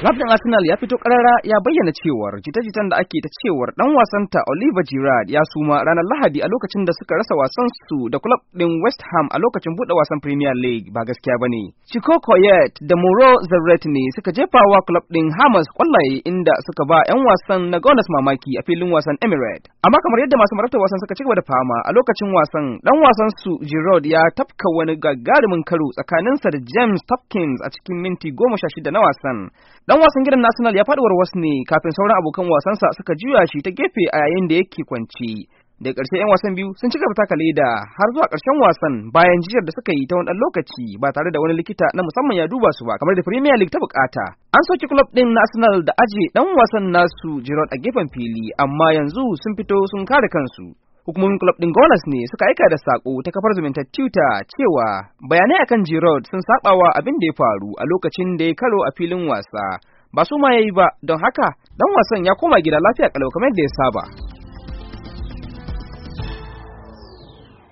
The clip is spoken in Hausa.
Captain Arsenal ya fito karara ya bayyana cewar jita-jitan da ake ta cewar ɗan wasanta Oliver Giroud ya suma ranar Lahadi a lokacin da suka rasa wasan su da club ɗin West Ham a lokacin buɗe wasan Premier League ba gaskiya bane. Chico Koyet da Moro Zerret ne suka jefa wa club din Hammers kwallaye inda suka ba 'yan wasan na Gunners mamaki a filin wasan Emirates. Amma kamar yadda masu marabta wasan suka cigaba da fama a lokacin wasan ɗan wasan su Giroud ya tafka wani gagarumin karo tsakaninsa da James Topkins a cikin minti goma sha shida na wasan. Dan wasan gidan National ya faɗuwar wasu ne kafin sauran abokan wasansa suka juya shi ta gefe a yayin da yake kwance. Da ƙarshe 'yan wasan biyu sun ci gaba taka leda har zuwa ƙarshen wasan bayan jiyar da suka yi ta wani lokaci ba tare da wani likita na musamman ya duba su ba kamar da Premier League ta bukata. An soki club ɗin National da aje ɗan wasan nasu Giroud a gefen fili amma yanzu sun fito sun kare kansu. Hukumomin Club din gonas ne suka aika da sako ta kafar zumuntar Twitter cewa bayanai akan Giroud sun sabawa abin da ya faru a lokacin da ya karo a filin wasa. Ba su ma yayi ba, don haka dan wasan ya koma gida lafiya kalau kamar da ya saba.